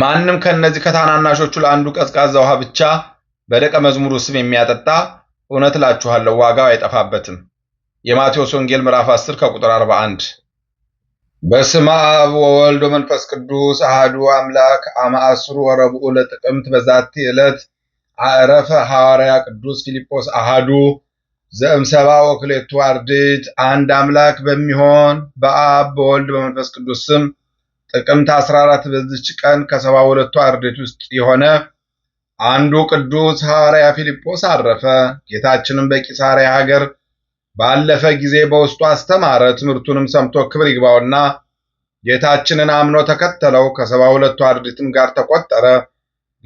ማንም ከነዚህ ከታናናሾቹ ለአንዱ ቀዝቃዛ ውሃ ብቻ በደቀ መዝሙሩ ስም የሚያጠጣ እውነት እላችኋለሁ ዋጋው አይጠፋበትም። የማቴዎስ ወንጌል ምዕራፍ 10 ከቁጥር 41። በስመ አብ ወወልድ ወመንፈስ ቅዱስ አሐዱ አምላክ አማአስሩ ዐሥሩ ወረብዑ ለጥቅምት በዛቲ ዕለት አዕረፈ ሐዋርያ ቅዱስ ፊልጶስ አህዱ ዘእምሰባ ወክሌቱ አርድእት። አንድ አምላክ በሚሆን በአብ በወልድ በመንፈስ ቅዱስ ስም ጥቅምት 14 በዚች ቀን ከሰባ ሁለቱ አርድእት ውስጥ የሆነ አንዱ ቅዱስ ሐዋርያ ፊልጶስ አረፈ። ጌታችንም በቂሳሪያ ሀገር ባለፈ ጊዜ በውስጡ አስተማረ። ትምህርቱንም ሰምቶ ክብር ይግባውና ጌታችንን አምኖ ተከተለው። ከሰባ ሁለቱ አርድእትም ጋር ተቆጠረ።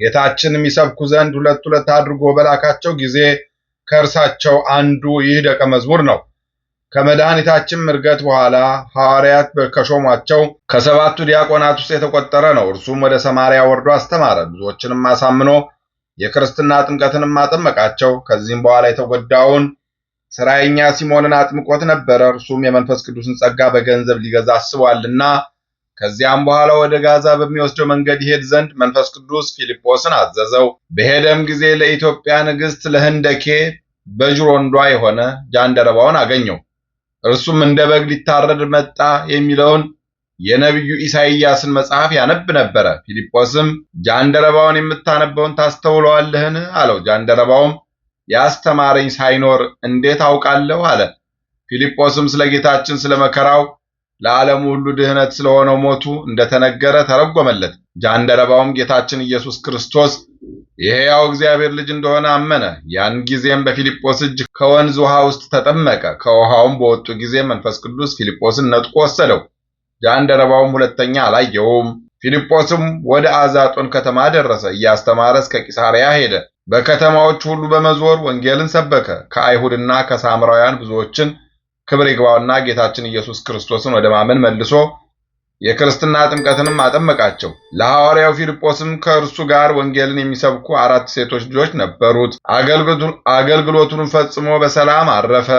ጌታችንም ይሰብኩ ዘንድ ሁለት ሁለት አድርጎ በላካቸው ጊዜ ከእርሳቸው አንዱ ይህ ደቀ መዝሙር ነው። ከመድኃኒታችን ምርገት በኋላ ሐዋርያት ከሾሟቸው ከሰባቱ ዲያቆናት ውስጥ የተቆጠረ ነው። እርሱም ወደ ሰማርያ ወርዶ አስተማረ፣ ብዙዎችንም አሳምኖ የክርስትና ጥምቀትንም አጠመቃቸው። ከዚህም በኋላ የተጎዳውን ሥራየኛ ሲሞንን አጥምቆት ነበረ። እርሱም የመንፈስ ቅዱስን ጸጋ በገንዘብ ሊገዛ አስቧልና ከዚያም በኋላ ወደ ጋዛ በሚወስደው መንገድ ይሄድ ዘንድ መንፈስ ቅዱስ ፊልጶስን አዘዘው። በሄደም ጊዜ ለኢትዮጵያ ንግሥት ለህንደኬ በጅሮንዷ የሆነ ጃንደረባውን አገኘው። እርሱም እንደ በግ ሊታረድ መጣ የሚለውን የነቢዩ ኢሳይያስን መጽሐፍ ያነብ ነበረ። ፊልጶስም ጃንደረባውን የምታነበውን ታስተውለዋለህን? አለው። ጃንደረባውም ያስተማረኝ ሳይኖር እንዴት አውቃለሁ? አለ። ፊልጶስም ስለ ጌታችን ስለ መከራው ለዓለም ሁሉ ድህነት ስለሆነው ሞቱ እንደተነገረ ተረጎመለት። ጃንደረባውም ጌታችን ኢየሱስ ክርስቶስ የሕያው እግዚአብሔር ልጅ እንደሆነ አመነ። ያን ጊዜም በፊልጶስ እጅ ከወንዝ ውሃ ውስጥ ተጠመቀ። ከውሃውም በወጡ ጊዜ መንፈስ ቅዱስ ፊልጶስን ነጥቆ ወሰደው። ጃንደረባውም ሁለተኛ አላየውም። ፊልጶስም ወደ አዛጦን ከተማ ደረሰ። እያስተማረ እስከ ቂሳርያ ሄደ። በከተማዎች ሁሉ በመዞር ወንጌልን ሰበከ። ከአይሁድና ከሳምራውያን ብዙዎችን ክብር ይግባውና ጌታችን ኢየሱስ ክርስቶስን ወደ ማመን መልሶ የክርስትና ጥምቀትንም አጠመቃቸው። ለሐዋርያው ፊልጶስም ከእርሱ ጋር ወንጌልን የሚሰብኩ አራት ሴቶች ልጆች ነበሩት። አገልግሎቱን ፈጽሞ በሰላም አረፈ።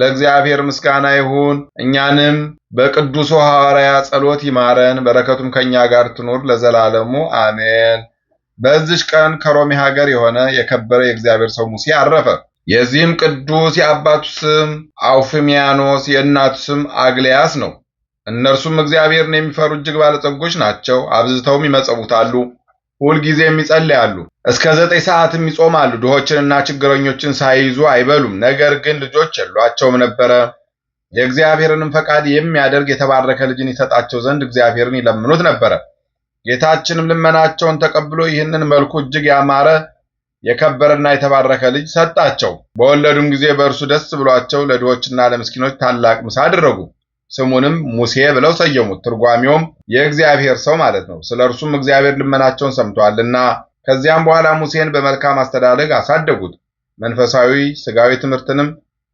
ለእግዚአብሔር ምስጋና ይሁን። እኛንም በቅዱሱ ሐዋርያ ጸሎት ይማረን፣ በረከቱም ከእኛ ጋር ትኑር ለዘላለሙ አሜን። በዚች ቀን ከሮሜ ሀገር የሆነ የከበረ የእግዚአብሔር ሰው ሙሴ አረፈ። የዚህም ቅዱስ የአባቱ ስም አውፍሚያኖስ የእናቱ ስም አግሊያስ ነው። እነርሱም እግዚአብሔርን የሚፈሩ እጅግ ባለጸጎች ናቸው። አብዝተውም ይመጸውታሉ፣ ሁልጊዜ ይጸልያሉ፣ እስከ ዘጠኝ ሰዓትም ይጾማሉ። ድሆችንና ችግረኞችን ሳይይዙ አይበሉም። ነገር ግን ልጆች የሏቸውም ነበረ። የእግዚአብሔርንም ፈቃድ የሚያደርግ የተባረከ ልጅን ይሰጣቸው ዘንድ እግዚአብሔርን ይለምኑት ነበረ። ጌታችንም ልመናቸውን ተቀብሎ ይህንን መልኩ እጅግ ያማረ የከበረና የተባረከ ልጅ ሰጣቸው። በወለዱም ጊዜ በእርሱ ደስ ብሏቸው ለድሆችና ለምስኪኖች ታላቅ ምሳ አደረጉ። ስሙንም ሙሴ ብለው ሰየሙት። ትርጓሚውም የእግዚአብሔር ሰው ማለት ነው። ስለ እርሱም እግዚአብሔር ልመናቸውን ሰምቷልና። ከዚያም በኋላ ሙሴን በመልካም አስተዳደግ አሳደጉት። መንፈሳዊ ስጋዊ ትምህርትንም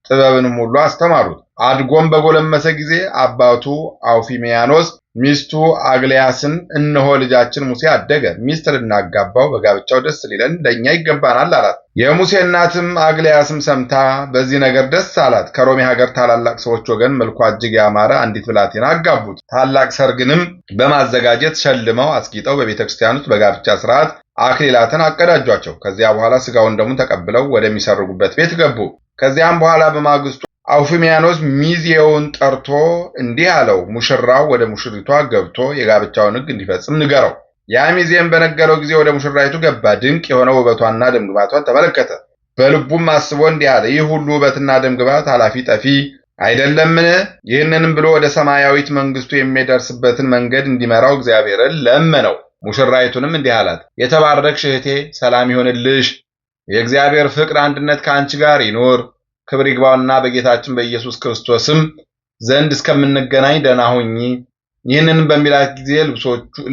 ጥበብንም ሁሉ አስተማሩት። አድጎም በጎለመሰ ጊዜ አባቱ አውፊሚያኖስ ሚስቱ አግሊያስን እነሆ ልጃችን ሙሴ አደገ፣ ሚስት ልናጋባው በጋብቻው ደስ ሊለን ለእኛ ይገባናል አላት። የሙሴ እናትም አግሊያስም ሰምታ በዚህ ነገር ደስ አላት። ከሮሜ ሀገር ታላላቅ ሰዎች ወገን መልኳ እጅግ ያማረ አንዲት ብላቴና አጋቡት። ታላቅ ሰርግንም በማዘጋጀት ሸልመው አስጊጠው በቤተ ክርስቲያን ውስጥ በጋብቻ ስርዓት አክሊላትን አቀዳጇቸው። ከዚያ በኋላ ስጋውን ደሙን ተቀብለው ወደሚሰርጉበት ቤት ገቡ። ከዚያም በኋላ በማግስቱ አውፍሚያኖስ ሚዜውን ጠርቶ እንዲህ አለው፣ ሙሽራው ወደ ሙሽሪቷ ገብቶ የጋብቻውን ሕግ እንዲፈጽም ንገረው። ያ ሚዜም በነገረው ጊዜ ወደ ሙሽራይቱ ገባ፣ ድንቅ የሆነ ውበቷና ደምግባቷን ተመለከተ። በልቡም አስቦ እንዲህ አለ፣ ይህ ሁሉ ውበትና ደምግባት ኃላፊ ጠፊ አይደለምን? ይህንንም ብሎ ወደ ሰማያዊት መንግስቱ የሚደርስበትን መንገድ እንዲመራው እግዚአብሔርን ለመነው። ሙሽራይቱንም እንዲህ አላት፣ የተባረክሽ እህቴ ሰላም ይሆንልሽ፣ የእግዚአብሔር ፍቅር አንድነት ከአንቺ ጋር ይኑር ክብር ይግባውና በጌታችን በኢየሱስ ክርስቶስም ዘንድ እስከምንገናኝ ደህና ሁኚ። ይህንን በሚላት ጊዜ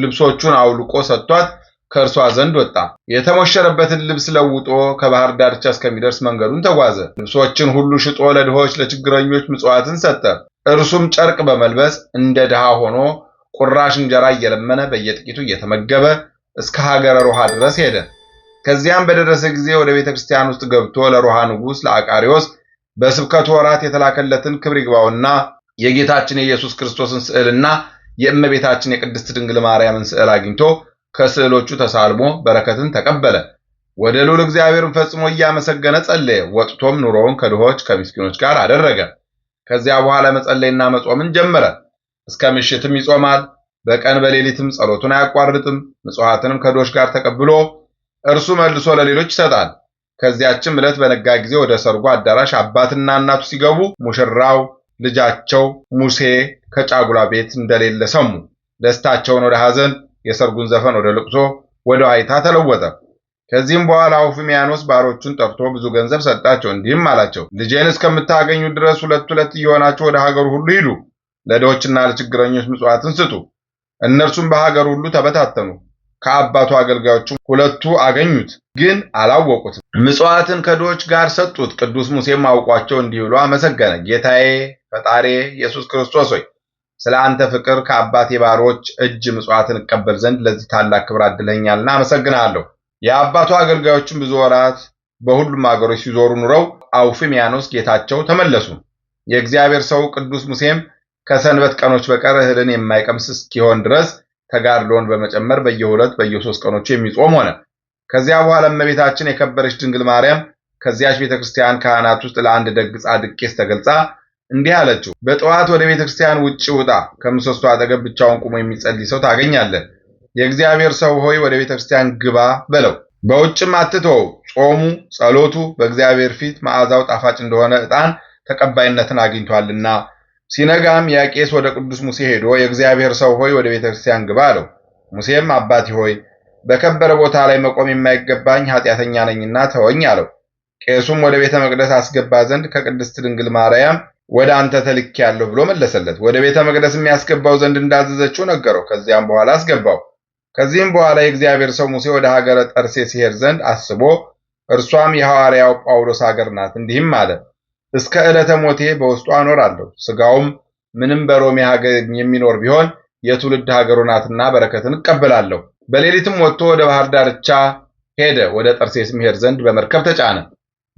ልብሶቹን አውልቆ ሰጥቷት ከእርሷ ዘንድ ወጣ። የተሞሸረበትን ልብስ ለውጦ ከባህር ዳርቻ እስከሚደርስ መንገዱን ተጓዘ። ልብሶችን ሁሉ ሽጦ ለድሆች ለችግረኞች ምጽዋትን ሰጠ። እርሱም ጨርቅ በመልበስ እንደ ድሃ ሆኖ ቁራሽ እንጀራ እየለመነ በየጥቂቱ እየተመገበ እስከ ሀገረ ሮሃ ድረስ ሄደ። ከዚያም በደረሰ ጊዜ ወደ ቤተ ክርስቲያን ውስጥ ገብቶ ለሮሃ ንጉሥ ለአቃሪዎስ በስብከቱ ወራት የተላከለትን ክብር ይግባውና የጌታችን የኢየሱስ ክርስቶስን ስዕልና የእመቤታችን የቅድስት ድንግል ማርያምን ስዕል አግኝቶ ከስዕሎቹ ተሳልሞ በረከትን ተቀበለ። ወደ ልዑል እግዚአብሔርን ፈጽሞ እያመሰገነ ጸለየ። ወጥቶም ኑሮውን ከድሆች ከምስኪኖች ጋር አደረገ። ከዚያ በኋላ መጸለይና መጾምን ጀመረ። እስከ ምሽትም ይጾማል። በቀን በሌሊትም ጸሎቱን አያቋርጥም። ምጽዋትንም ከድሆች ጋር ተቀብሎ እርሱ መልሶ ለሌሎች ይሰጣል። ከዚያችም ዕለት በነጋ ጊዜ ወደ ሰርጉ አዳራሽ አባትና እናቱ ሲገቡ ሙሽራው ልጃቸው ሙሴ ከጫጉላ ቤት እንደሌለ ሰሙ። ደስታቸውን ወደ ሐዘን፣ የሰርጉን ዘፈን ወደ ልቅሶ፣ ወደ ዋይታ ተለወጠ። ከዚህም በኋላ አውፊሚያኖስ ባሮቹን ጠርቶ ብዙ ገንዘብ ሰጣቸው። እንዲህም አላቸው፣ ልጄን እስከምታገኙ ድረስ ሁለት ሁለት እየሆናችሁ ወደ ሀገሩ ሁሉ ሂዱ፣ ለድሆችና ለችግረኞች ምጽዋትን ስጡ። እነርሱም በሀገር ሁሉ ተበታተኑ። ከአባቱ አገልጋዮቹ ሁለቱ አገኙት፣ ግን አላወቁትም። ምጽዋትን ከድሆች ጋር ሰጡት። ቅዱስ ሙሴም አውቋቸው እንዲህ ብሎ አመሰገነ። ጌታዬ ፈጣሬ ኢየሱስ ክርስቶስ ሆይ ስለ አንተ ፍቅር ከአባቴ ባሮች እጅ ምጽዋትን እቀበል ዘንድ ለዚህ ታላቅ ክብር አድለኛልና አመሰግናለሁ። የአባቱ አገልጋዮችን ብዙ ወራት በሁሉም አገሮች ሲዞሩ ኑረው አውፊሚያኖስ ጌታቸው ተመለሱ። የእግዚአብሔር ሰው ቅዱስ ሙሴም ከሰንበት ቀኖች በቀር እህልን የማይቀምስ እስኪሆን ድረስ ተጋድሎን በመጨመር በየሁለት በየሶስት ቀኖቹ የሚጾም ሆነ። ከዚያ በኋላ እመቤታችን የከበረች ድንግል ማርያም ከዚያች ቤተ ክርስቲያን ካህናት ውስጥ ለአንድ ደግ ጻድቅ ቄስ ተገልጻ እንዲህ አለችው፣ በጠዋት ወደ ቤተ ክርስቲያን ውጭ ውጣ። ከምሰሶ አጠገብ ብቻውን ቆሞ የሚጸልይ ሰው ታገኛለህ። የእግዚአብሔር ሰው ሆይ ወደ ቤተ ክርስቲያን ግባ በለው። በውጭም አትተወው። ጾሙ፣ ጸሎቱ በእግዚአብሔር ፊት መዓዛው ጣፋጭ እንደሆነ ዕጣን ተቀባይነትን አግኝቷልና ሲነጋም ያ ቄስ ወደ ቅዱስ ሙሴ ሄዶ የእግዚአብሔር ሰው ሆይ ወደ ቤተ ክርስቲያን ግባ አለው። ሙሴም አባቴ ሆይ በከበረ ቦታ ላይ መቆም የማይገባኝ ኃጢአተኛ ነኝና ተወኝ አለው። ቄሱም ወደ ቤተ መቅደስ አስገባ ዘንድ ከቅድስት ድንግል ማርያም ወደ አንተ ተልኬያለሁ ብሎ መለሰለት። ወደ ቤተ መቅደስ የሚያስገባው ዘንድ እንዳዘዘችው ነገረው። ከዚያም በኋላ አስገባው። ከዚህም በኋላ የእግዚአብሔር ሰው ሙሴ ወደ ሀገረ ጠርሴ ሲሄድ ዘንድ አስቦ እርሷም የሐዋርያው ጳውሎስ ሀገር ናት። እንዲህም አለ እስከ ዕለተ ሞቴ በውስጡ አኖራለሁ። ሥጋውም ምንም በሮሜ ሀገር የሚኖር ቢሆን የትውልድ ሀገሩ ናትና በረከትን እቀበላለሁ። በሌሊትም ወጥቶ ወደ ባህር ዳርቻ ሄደ። ወደ ጠርሴስ ምሄድ ዘንድ በመርከብ ተጫነ።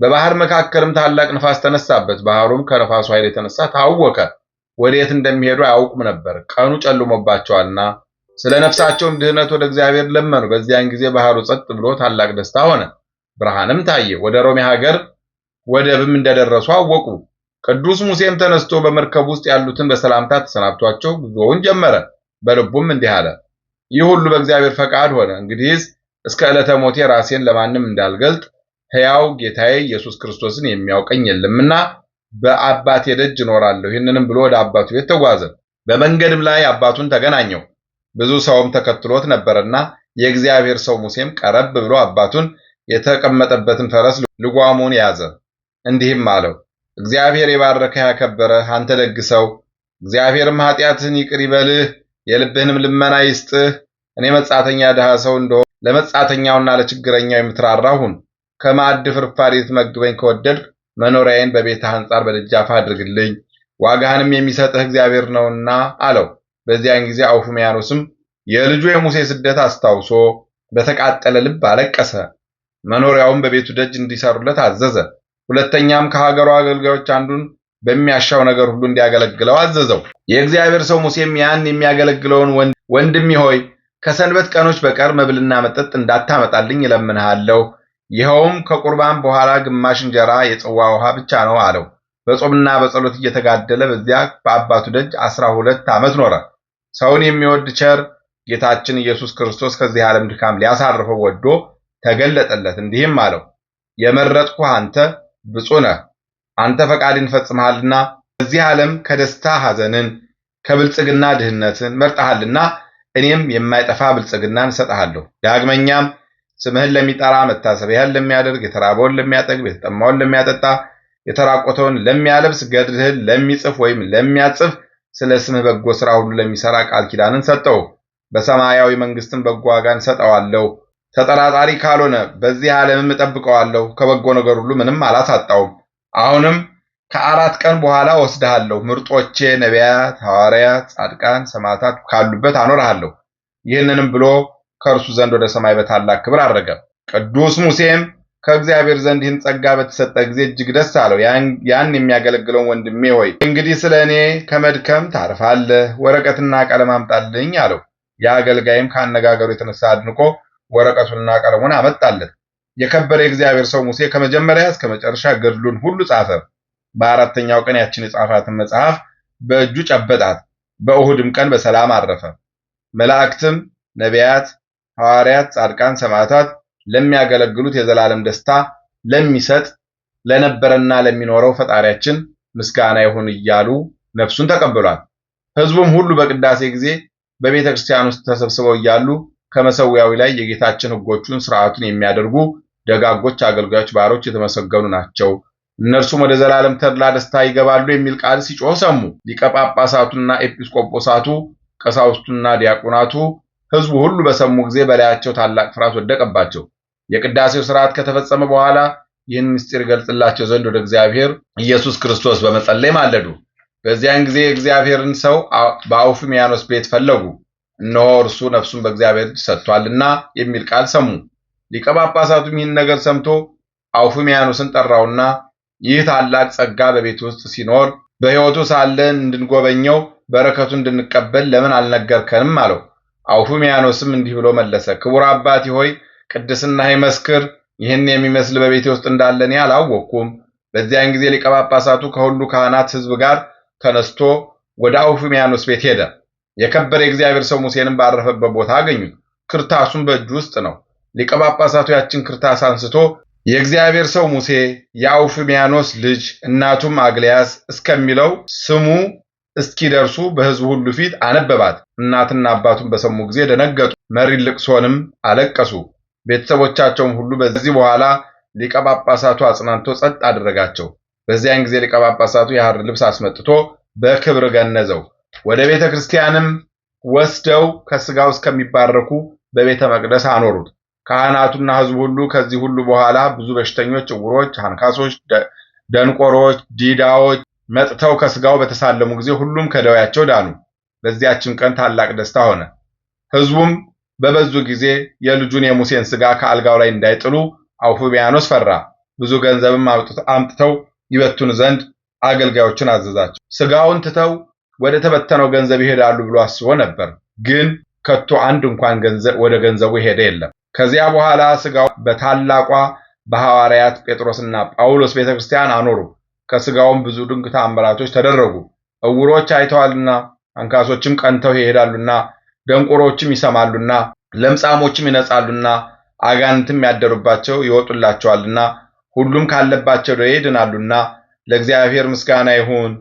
በባህር መካከልም ታላቅ ንፋስ ተነሳበት። ባህሩም ከነፋሱ ኃይል የተነሳ ታወከ። ወዴት እንደሚሄዱ አያውቁም ነበር፣ ቀኑ ጨልሞባቸዋልና። ስለ ነፍሳቸውም ድህነት ወደ እግዚአብሔር ለመኑ። በዚያን ጊዜ ባህሩ ጸጥ ብሎ ታላቅ ደስታ ሆነ፣ ብርሃንም ታየ። ወደ ሮሜ ሀገር ወደብም እንደደረሱ አወቁ። ቅዱስ ሙሴም ተነስቶ በመርከብ ውስጥ ያሉትን በሰላምታ ተሰናብቷቸው ጉዞውን ጀመረ። በልቡም እንዲህ አለ፣ ይህ ሁሉ በእግዚአብሔር ፈቃድ ሆነ። እንግዲህስ እስከ ዕለተ ሞቴ ራሴን ለማንም እንዳልገልጥ ሕያው ጌታዬ ኢየሱስ ክርስቶስን የሚያውቀኝ የለምና በአባቴ ደጅ እኖራለሁ። ይህንንም ብሎ ወደ አባቱ ቤት ተጓዘ። በመንገድም ላይ አባቱን ተገናኘው። ብዙ ሰውም ተከትሎት ነበርና የእግዚአብሔር ሰው ሙሴም ቀረብ ብሎ አባቱን የተቀመጠበትን ፈረስ ልጓሙን ያዘ። እንዲህም አለው፣ እግዚአብሔር የባረከህ ያከበረህ አንተ ደግ ሰው፣ እግዚአብሔርም ኃጢአትህን ይቅር ይበልህ የልብህንም ልመና ይስጥህ። እኔ መጻተኛ ድሃ ሰው እንደሆነ ለመጻተኛውና ለችግረኛው የምትራራ ሁን። ከማዕድ ፍርፋሪ ልትመግበኝ ከወደድክ መኖሪያዬን በቤትህ አንጻር በደጃፍ አድርግልኝ፣ ዋጋህንም የሚሰጥህ እግዚአብሔር ነውና አለው። በዚያን ጊዜ አውፉሚያኖስም የልጁ የሙሴ ስደት አስታውሶ በተቃጠለ ልብ አለቀሰ። መኖሪያውን በቤቱ ደጅ እንዲሰሩለት አዘዘ። ሁለተኛም ከሀገሩ አገልጋዮች አንዱን በሚያሻው ነገር ሁሉ እንዲያገለግለው አዘዘው። የእግዚአብሔር ሰው ሙሴም ያን የሚያገለግለውን ወንድሜ ሆይ ከሰንበት ቀኖች በቀር መብልና መጠጥ እንዳታመጣልኝ እለምንሃለሁ፣ ይኸውም ከቁርባን በኋላ ግማሽ እንጀራ የጽዋ ውሃ ብቻ ነው አለው። በጾምና በጸሎት እየተጋደለ በዚያ በአባቱ ደጅ አስራ ሁለት ዓመት ኖረ። ሰውን የሚወድ ቸር ጌታችን ኢየሱስ ክርስቶስ ከዚህ ዓለም ድካም ሊያሳርፈው ወዶ ተገለጠለት፣ እንዲህም አለው የመረጥኩህ አንተ ብፁዕ ነህ፣ አንተ ፈቃድን ፈጽመሃልና በዚህ ዓለም ከደስታ ሐዘንን፣ ከብልጽግና ድህነትን መርጠሃልና እኔም የማይጠፋ ብልጽግናን እሰጥሃለሁ። ዳግመኛም ስምህን ለሚጠራ መታሰቢያህን ለሚያደርግ የተራበውን ለሚያጠግብ የተጠማውን ለሚያጠጣ የተራቆተውን ለሚያለብስ ገድልህን ለሚጽፍ ወይም ለሚያጽፍ ስለ ስምህ በጎ ሥራ ሁሉ ለሚሠራ ቃል ኪዳንን ሰጠው። በሰማያዊ መንግሥትም በጎ ዋጋን ሰጠዋለሁ። ተጠራጣሪ ካልሆነ በዚህ ዓለምም እጠብቀዋለሁ፣ ከበጎ ነገር ሁሉ ምንም አላሳጣውም። አሁንም ከአራት ቀን በኋላ ወስድሃለሁ፣ ምርጦቼ ነቢያት፣ ሐዋርያት፣ ጻድቃን፣ ሰማዕታት ካሉበት አኖርሃለሁ። ይህንንም ብሎ ከእርሱ ዘንድ ወደ ሰማይ በታላቅ ክብር አድረገ። ቅዱስ ሙሴም ከእግዚአብሔር ዘንድ ይህን ጸጋ በተሰጠ ጊዜ እጅግ ደስ አለው። ያን የሚያገለግለውን ወንድሜ ሆይ እንግዲህ ስለ እኔ ከመድከም ታርፋለህ፣ ወረቀትና ቀለም አምጣልኝ አለው። የአገልጋይም ከአነጋገሩ የተነሳ አድንቆ ወረቀቱንና ቀለሙን አመጣለት። የከበረ የእግዚአብሔር ሰው ሙሴ ከመጀመሪያ እስከ መጨረሻ ገድሉን ሁሉ ጻፈ። በአራተኛው ቀን ያችን የጻፋትን መጽሐፍ በእጁ ጨበጣት። በእሁድም ቀን በሰላም አረፈ። መላእክትም፣ ነቢያት፣ ሐዋርያት፣ ጻድቃን፣ ሰማዕታት ለሚያገለግሉት የዘላለም ደስታ ለሚሰጥ ለነበረና ለሚኖረው ፈጣሪያችን ምስጋና ይሁን እያሉ ነፍሱን ተቀብሏል። ሕዝቡም ሁሉ በቅዳሴ ጊዜ በቤተ ክርስቲያን ውስጥ ተሰብስበው እያሉ ከመሠዊያው ላይ የጌታችን ሕጎቹን ሥርዓቱን የሚያደርጉ ደጋጎች አገልጋዮች ባሮች የተመሰገኑ ናቸው እነርሱም ወደ ዘላለም ተድላ ደስታ ይገባሉ የሚል ቃል ሲጮህ ሰሙ። ሊቀ ጳጳሳቱና ኤጲስቆጶሳቱ፣ ቀሳውስቱና ዲያቆናቱ፣ ሕዝቡ ሁሉ በሰሙ ጊዜ በላያቸው ታላቅ ፍርሃት ወደቀባቸው። የቅዳሴው ስርዓት ከተፈጸመ በኋላ ይህን ምስጢር ይገልጽላቸው ዘንድ ወደ እግዚአብሔር ኢየሱስ ክርስቶስ በመጸለይ ማለዱ። በዚያን ጊዜ የእግዚአብሔርን ሰው በአውፍሚያኖስ ቤት ፈለጉ። እነሆ እርሱ ነፍሱን በእግዚአብሔር እጅ ሰጥቷልና የሚል ቃል ሰሙ። ሊቀ ጳጳሳቱም ይህን ነገር ሰምቶ አውፍሚያኖስን ጠራውና ይህ ታላቅ ጸጋ በቤት ውስጥ ሲኖር በሕይወቱ ሳለን እንድንጎበኘው በረከቱ እንድንቀበል ለምን አልነገርከንም? አለው። አውፍሚያኖስም እንዲህ ብሎ መለሰ፣ ክቡር አባቴ ሆይ ቅድስና ይመስክር፣ ይህን የሚመስል በቤቴ ውስጥ እንዳለ እኔ አላወቅኩም። በዚያን ጊዜ ሊቀ ጳጳሳቱ ከሁሉ ካህናት ሕዝብ ጋር ተነስቶ ወደ አውፍሚያኖስ ቤት ሄደ። የከበረ የእግዚአብሔር ሰው ሙሴንም ባረፈበት ቦታ አገኙት። ክርታሱም በእጁ ውስጥ ነው። ሊቀ ጳጳሳቱ ያችን ክርታስ አንስቶ የእግዚአብሔር ሰው ሙሴ የአውፍሚያኖስ ልጅ እናቱም አግሊያስ እስከሚለው ስሙ እስኪደርሱ በሕዝቡ ሁሉ ፊት አነበባት። እናትና አባቱን በሰሙ ጊዜ ደነገጡ፣ መሪ ልቅሶንም አለቀሱ። ቤተሰቦቻቸውም ሁሉ በዚህ በኋላ ሊቀ ጳጳሳቱ አጽናንቶ ጸጥ አደረጋቸው። በዚያን ጊዜ ሊቀ ጳጳሳቱ የሐር ልብስ አስመጥቶ በክብር ገነዘው። ወደ ቤተ ክርስቲያንም ወስደው ከስጋው እስከሚባረኩ በቤተ መቅደስ አኖሩት። ካህናቱና ሕዝቡ ሁሉ ከዚህ ሁሉ በኋላ ብዙ በሽተኞች፣ ዕውሮች፣ አንካሶች፣ ደንቆሮች፣ ዲዳዎች መጥተው ከስጋው በተሳለሙ ጊዜ ሁሉም ከደዌያቸው ዳኑ። በዚያችም ቀን ታላቅ ደስታ ሆነ። ሕዝቡም በበዙ ጊዜ የልጁን የሙሴን ስጋ ከአልጋው ላይ እንዳይጥሉ አውፎቢያኖስ ፈራ። ብዙ ገንዘብም አምጥተው ይበቱን ዘንድ አገልጋዮቹን አዘዛቸው። ስጋውን ትተው ወደ ተበተነው ገንዘብ ይሄዳሉ ብሎ አስቦ ነበር። ግን ከቶ አንድ እንኳን ወደ ገንዘቡ የሄደ የለም። ከዚያ በኋላ ስጋው በታላቋ በሐዋርያት ጴጥሮስና ጳውሎስ ቤተክርስቲያን አኖሩ። ከስጋውም ብዙ ድንቅ ተአምራቶች ተደረጉ። እውሮች አይተዋልና፣ አንካሶችም ቀንተው ይሄዳሉና፣ ደንቆሮችም ይሰማሉና፣ ለምጻሞችም ይነጻሉና፣ አጋንንትም ያደሩባቸው ይወጡላቸዋልና፣ ሁሉም ካለባቸው ደዌ ይድናሉና። ለእግዚአብሔር ምስጋና ይሁን።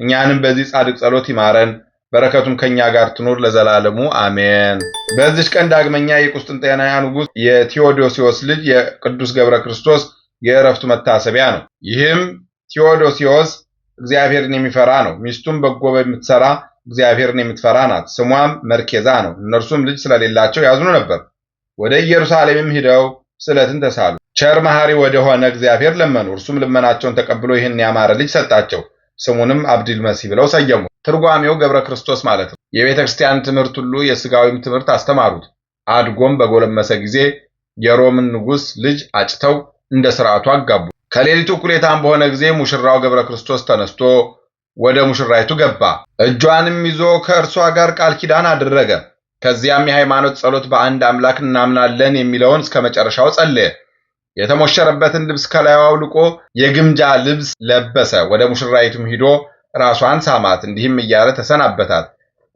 እኛንም በዚህ ጻድቅ ጸሎት ይማረን፣ በረከቱም ከእኛ ጋር ትኑር ለዘላለሙ አሜን። በዚች ቀን ዳግመኛ የቁስጥንጤና ንጉሥ የቴዎዶሲዎስ ልጅ የቅዱስ ገብረ ክርስቶስ የእረፍቱ መታሰቢያ ነው። ይህም ቴዎዶሲዎስ እግዚአብሔርን የሚፈራ ነው። ሚስቱም በጎ በምትሰራ እግዚአብሔርን የምትፈራ ናት። ስሟም መርኬዛ ነው። እነርሱም ልጅ ስለሌላቸው ያዝኑ ነበር። ወደ ኢየሩሳሌምም ሂደው ስዕለትን ተሳሉ። ቸር መሐሪ ወደሆነ እግዚአብሔር ለመኑ። እርሱም ልመናቸውን ተቀብሎ ይህን ያማረ ልጅ ሰጣቸው። ስሙንም አብድል መሲህ ብለው ሰየሙ። ትርጓሜው ገብረ ክርስቶስ ማለት ነው። የቤተ ክርስቲያን ትምህርት ሁሉ የስጋዊም ትምህርት አስተማሩት። አድጎም በጎለመሰ ጊዜ የሮምን ንጉሥ ልጅ አጭተው እንደ ስርዓቱ አጋቡ። ከሌሊቱ እኩሌታም በሆነ ጊዜ ሙሽራው ገብረ ክርስቶስ ተነስቶ ወደ ሙሽራይቱ ገባ። እጇንም ይዞ ከእርሷ ጋር ቃል ኪዳን አደረገ። ከዚያም የሃይማኖት ጸሎት በአንድ አምላክ እናምናለን የሚለውን እስከ መጨረሻው ጸለየ። የተሞሸረበትን ልብስ ከላዩ አውልቆ የግምጃ ልብስ ለበሰ። ወደ ሙሽራይቱም ሂዶ ራሷን ሳማት፣ እንዲህም እያለ ተሰናበታት።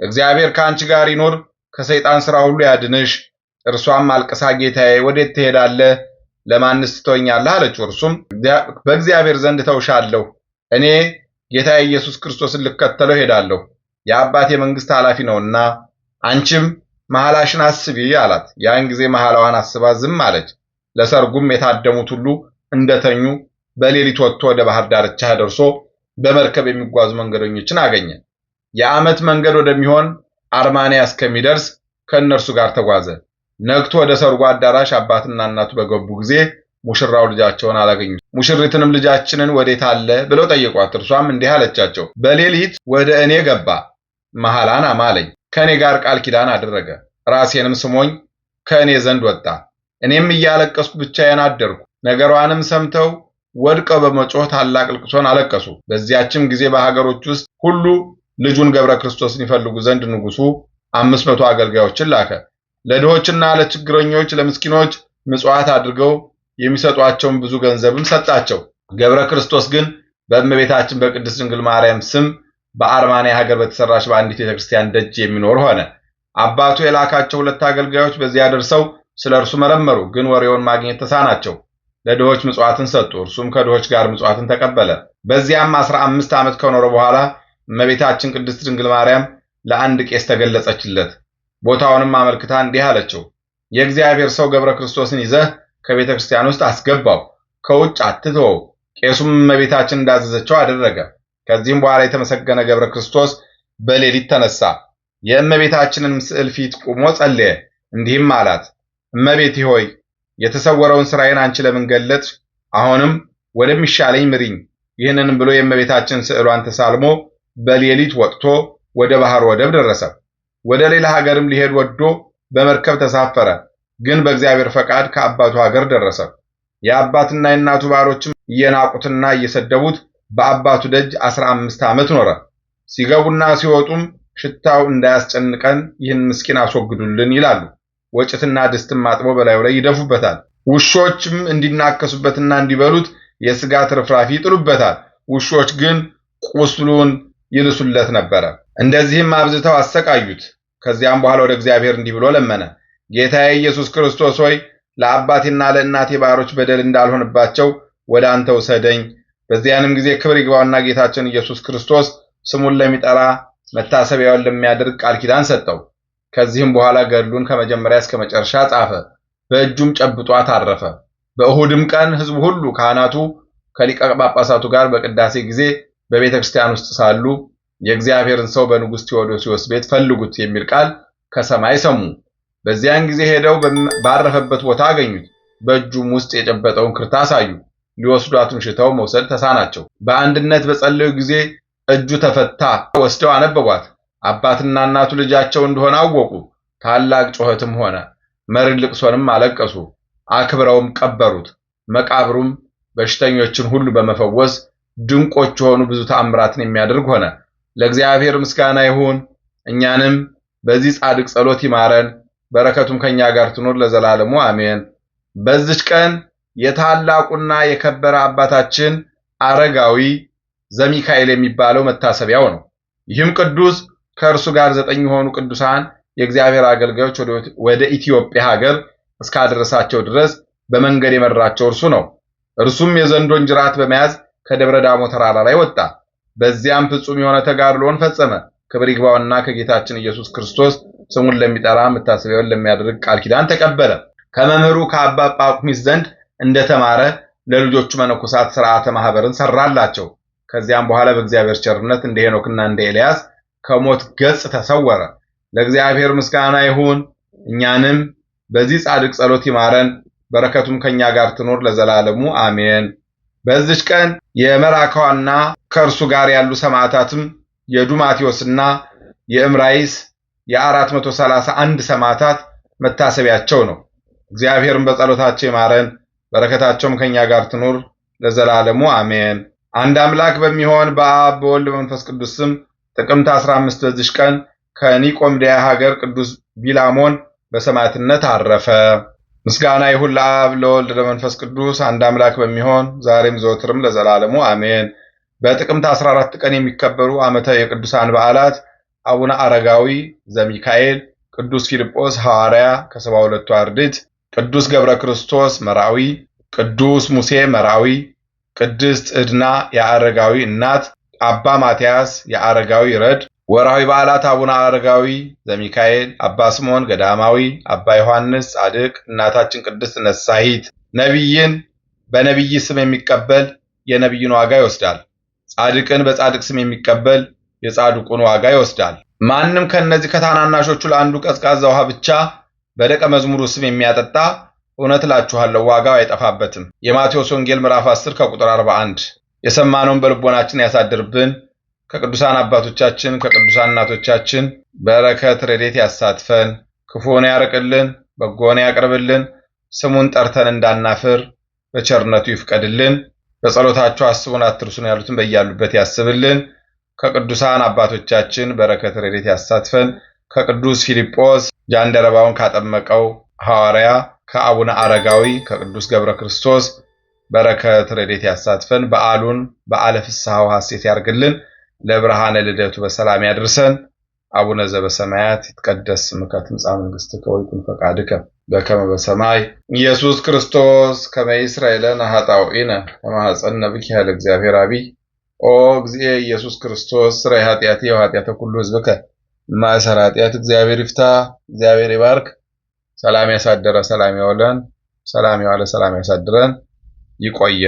እግዚአብሔር ከአንቺ ጋር ይኖር፣ ከሰይጣን ሥራ ሁሉ ያድንሽ። እርሷም አልቅሳ ጌታዬ ወዴት ትሄዳለህ? ለማንስ አለችው። እርሱም በእግዚአብሔር ዘንድ ተውሻለሁ፣ እኔ ጌታዬ ኢየሱስ ክርስቶስን ልከተለው ሄዳለሁ፣ የአባቴ መንግሥት ኃላፊ ነውና፣ አንቺም መሐላሽን አስቢ አላት። ያን ጊዜ መሐላዋን አስባ ዝም አለች። ለሰርጉም የታደሙት ሁሉ እንደተኙ በሌሊት ወጥቶ ወደ ባህር ዳርቻ ደርሶ በመርከብ የሚጓዙ መንገደኞችን አገኘ። የዓመት መንገድ ወደሚሆን አርማንያ እስከሚደርስ ከእነርሱ ጋር ተጓዘ። ነግቶ ወደ ሰርጉ አዳራሽ አባትና እናቱ በገቡ ጊዜ ሙሽራው ልጃቸውን አላገኙ። ሙሽሪትንም ልጃችንን ወዴት አለ ብለው ጠየቋት። እርሷም እንዲህ አለቻቸው፣ በሌሊት ወደ እኔ ገባ፣ መሐላን አማለኝ፣ ከእኔ ጋር ቃል ኪዳን አደረገ፣ ራሴንም ስሞኝ ከእኔ ዘንድ ወጣ እኔም እያለቀስኩ ብቻዬን አደርኩ። ነገሯንም ሰምተው ወድቀው በመጮህ ታላቅ ልቅሶን አለቀሱ። በዚያችም ጊዜ በሀገሮች ውስጥ ሁሉ ልጁን ገብረ ክርስቶስን ይፈልጉ ዘንድ ንጉሱ አምስት መቶ አገልጋዮችን ላከ። ለድሆችና ለችግረኞች ለምስኪኖች ምጽዋት አድርገው የሚሰጧቸውን ብዙ ገንዘብም ሰጣቸው። ገብረ ክርስቶስ ግን በእመቤታችን በቅድስት ድንግል ማርያም ስም በአርማንያ ሀገር በተሰራች በአንዲት ቤተክርስቲያን ደጅ የሚኖር ሆነ። አባቱ የላካቸው ሁለት አገልጋዮች በዚያ ደርሰው ስለ እርሱ መረመሩ፣ ግን ወሬውን ማግኘት ተሳናቸው። ለድሆች ምጽዋትን ሰጡ፣ እርሱም ከድሆች ጋር ምጽዋትን ተቀበለ። በዚያም አስራ አምስት ዓመት ከኖረ በኋላ እመቤታችን ቅድስት ድንግል ማርያም ለአንድ ቄስ ተገለጸችለት። ቦታውንም አመልክታ እንዲህ አለችው፣ የእግዚአብሔር ሰው ገብረ ክርስቶስን ይዘህ ከቤተ ክርስቲያን ውስጥ አስገባው፣ ከውጭ አትተወው። ቄሱም እመቤታችን እንዳዘዘቸው አደረገ። ከዚህም በኋላ የተመሰገነ ገብረ ክርስቶስ በሌሊት ተነሳ፣ የእመቤታችንን ስዕል ፊት ቁሞ ጸለየ። እንዲህም አላት እመቤቴ ሆይ የተሰወረውን ስራዬን አንቺ ለምን ገለጥ? አሁንም ወደሚሻለኝ ምሪኝ። ይህንንም ብሎ የእመቤታችን ስዕሏን ተሳልሞ በሌሊት ወጥቶ ወደ ባህር ወደብ ደረሰ። ወደ ሌላ ሀገርም ሊሄድ ወዶ በመርከብ ተሳፈረ። ግን በእግዚአብሔር ፈቃድ ከአባቱ ሀገር ደረሰ። የአባትና የእናቱ ባሮችም እየናቁትና እየሰደቡት በአባቱ ደጅ አስራ አምስት ዓመት ኖረ። ሲገቡና ሲወጡም ሽታው እንዳያስጨንቀን ይህን ምስኪን አስወግዱልን ይላሉ። ወጭትና ድስትም አጥቦ በላዩ ላይ ይደፉበታል። ውሾችም እንዲናከሱበትና እንዲበሉት የስጋ ትርፍራፊ ይጥሉበታል። ውሾች ግን ቁስሉን ይልሱለት ነበረ። እንደዚህም አብዝተው አሰቃዩት። ከዚያም በኋላ ወደ እግዚአብሔር እንዲህ ብሎ ለመነ። ጌታዬ ኢየሱስ ክርስቶስ ሆይ ለአባቴና ለእናቴ ባሮች በደል እንዳልሆንባቸው ወደ አንተ ውሰደኝ። በዚያንም ጊዜ ክብር ይግባውና ጌታችን ኢየሱስ ክርስቶስ ስሙን ለሚጠራ መታሰቢያውን ለሚያደርግ ቃል ኪዳን ሰጠው። ከዚህም በኋላ ገድሉን ከመጀመሪያ እስከ መጨረሻ ጻፈ። በእጁም ጨብጧት አረፈ። በእሁድም ቀን ሕዝቡ ሁሉ ካህናቱ ከሊቀ ጳጳሳቱ ጋር በቅዳሴ ጊዜ በቤተ ክርስቲያን ውስጥ ሳሉ የእግዚአብሔርን ሰው በንጉሥ ቴዎዶሲዎስ ቤት ፈልጉት የሚል ቃል ከሰማይ ሰሙ። በዚያን ጊዜ ሄደው ባረፈበት ቦታ አገኙት። በእጁም ውስጥ የጨበጠውን ክርታስ አዩ። ሊወስዷትም ሽተው መውሰድ ተሳናቸው። በአንድነት በጸለዩ ጊዜ እጁ ተፈታ። ወስደው አነበቧት። አባትና እናቱ ልጃቸው እንደሆነ አወቁ። ታላቅ ጩኸትም ሆነ፣ መሪ ልቅሶንም አለቀሱ። አክብረውም ቀበሩት። መቃብሩም በሽተኞችን ሁሉ በመፈወስ ድንቆች የሆኑ ብዙ ተአምራትን የሚያደርግ ሆነ። ለእግዚአብሔር ምስጋና ይሁን። እኛንም በዚህ ጻድቅ ጸሎት ይማረን፣ በረከቱም ከኛ ጋር ትኖር ለዘላለሙ አሜን። በዚች ቀን የታላቁና የከበረ አባታችን አረጋዊ ዘሚካኤል የሚባለው መታሰቢያው ነው። ይህም ቅዱስ ከእርሱ ጋር ዘጠኝ የሆኑ ቅዱሳን የእግዚአብሔር አገልጋዮች ወደ ኢትዮጵያ ሀገር እስካደረሳቸው ድረስ በመንገድ የመራቸው እርሱ ነው። እርሱም የዘንዶን ጅራት በመያዝ ከደብረ ዳሞ ተራራ ላይ ወጣ። በዚያም ፍጹም የሆነ ተጋድሎን ፈጸመ። ክብር ይግባውና ከጌታችን ኢየሱስ ክርስቶስ ስሙን ለሚጠራ መታሰቢያውን ለሚያደርግ ቃል ኪዳን ተቀበለ። ከመምህሩ ከአባ ጳኩሚስ ዘንድ እንደተማረ ለልጆቹ መነኮሳት ስርዓተ ማህበርን ሰራላቸው። ከዚያም በኋላ በእግዚአብሔር ቸርነት እንደ ሄኖክና እንደ ኤልያስ ከሞት ገጽ ተሰወረ። ለእግዚአብሔር ምስጋና ይሁን። እኛንም በዚህ ጻድቅ ጸሎት ይማረን፣ በረከቱም ከኛ ጋር ትኖር ለዘላለሙ አሜን። በዚች ቀን የመራካዋና ከእርሱ ጋር ያሉ ሰማዕታትም የዱማቴዎስና የእምራይስ የ431 ሰላሳ ሰማዕታት መታሰቢያቸው ነው። እግዚአብሔርም በጸሎታቸው ይማረን፣ በረከታቸውም ከኛ ጋር ትኖር ለዘላለሙ አሜን። አንድ አምላክ በሚሆን በአብ በወልድ በመንፈስ ቅዱስ ስም ጥቅምት 15 በዚች ቀን ከኒቆምዲያ ሀገር ቅዱስ ቢላሞን በሰማዕትነት አረፈ። ምስጋና ይሁን ለአብ ለወልድ ለመንፈስ ቅዱስ አንድ አምላክ በሚሆን ዛሬም ዘወትርም ለዘላለሙ አሜን። በጥቅምት 14 ቀን የሚከበሩ ዓመታዊ የቅዱሳን በዓላት አቡነ አረጋዊ ዘሚካኤል፣ ቅዱስ ፊልጶስ ሐዋርያ ከሰባ ሁለቱ አርድእት፣ ቅዱስ ገብረ ክርስቶስ መራዊ፣ ቅዱስ ሙሴ መራዊ፣ ቅድስት ዕድና የአረጋዊ እናት አባ ማትያስ የአረጋዊ ረድ ወርሃዊ በዓላት አቡነ አረጋዊ ዘሚካኤል፣ አባ ስምዖን ገዳማዊ፣ አባ ዮሐንስ ጻድቅ፣ እናታችን ቅድስት ነሳሂት። ነቢይን በነቢይ ስም የሚቀበል የነቢይን ዋጋ ይወስዳል። ጻድቅን በጻድቅ ስም የሚቀበል የጻድቁን ዋጋ ይወስዳል። ማንም ከእነዚህ ከታናናሾቹ ለአንዱ ቀዝቃዛ ውሃ ብቻ በደቀ መዝሙሩ ስም የሚያጠጣ እውነት እላችኋለሁ ዋጋው አይጠፋበትም። የማቴዎስ ወንጌል ምዕራፍ 10 ከቁጥር 41 የሰማነውን በልቦናችን ያሳድርብን። ከቅዱሳን አባቶቻችን ከቅዱሳን እናቶቻችን በረከት ረድኤት ያሳትፈን፣ ክፉን ያርቅልን፣ በጎን ያቅርብልን። ስሙን ጠርተን እንዳናፍር በቸርነቱ ይፍቀድልን። በጸሎታቸው አስቡን አትርሱን ያሉትን በያሉበት ያስብልን። ከቅዱሳን አባቶቻችን በረከት ረድኤት ያሳትፈን። ከቅዱስ ፊልጶስ ጃንደረባውን ካጠመቀው ሐዋርያ ከአቡነ አረጋዊ ከቅዱስ ገብረ ክርስቶስ በረከት ረዴት ያሳትፈን። በዓሉን በዓለ ፍስሐው ሐሴት ያርግልን። ለብርሃነ ልደቱ በሰላም ያድርሰን። አቡነ ዘበሰማያት ይትቀደስ ስምከ ትምጻእ መንግሥትከ ወይኩን ፈቃድከ በከመ በሰማይ ኢየሱስ ክርስቶስ ከመ ይስራይ ለነ ኃጣውኢነ ከማኅፀን ነብኪ ያለ እግዚአብሔር አቢ ኦ እግዚእ ኢየሱስ ክርስቶስ ስራይ ኃጢአት ወኃጢአተ ኩሉ ሕዝብከ ማእሰር ኃጢአት እግዚአብሔር ይፍታ። እግዚአብሔር ይባርክ። ሰላም ያሳደረ ሰላም ያውለን። ሰላም ያዋለ ሰላም ያሳድረን። 一块一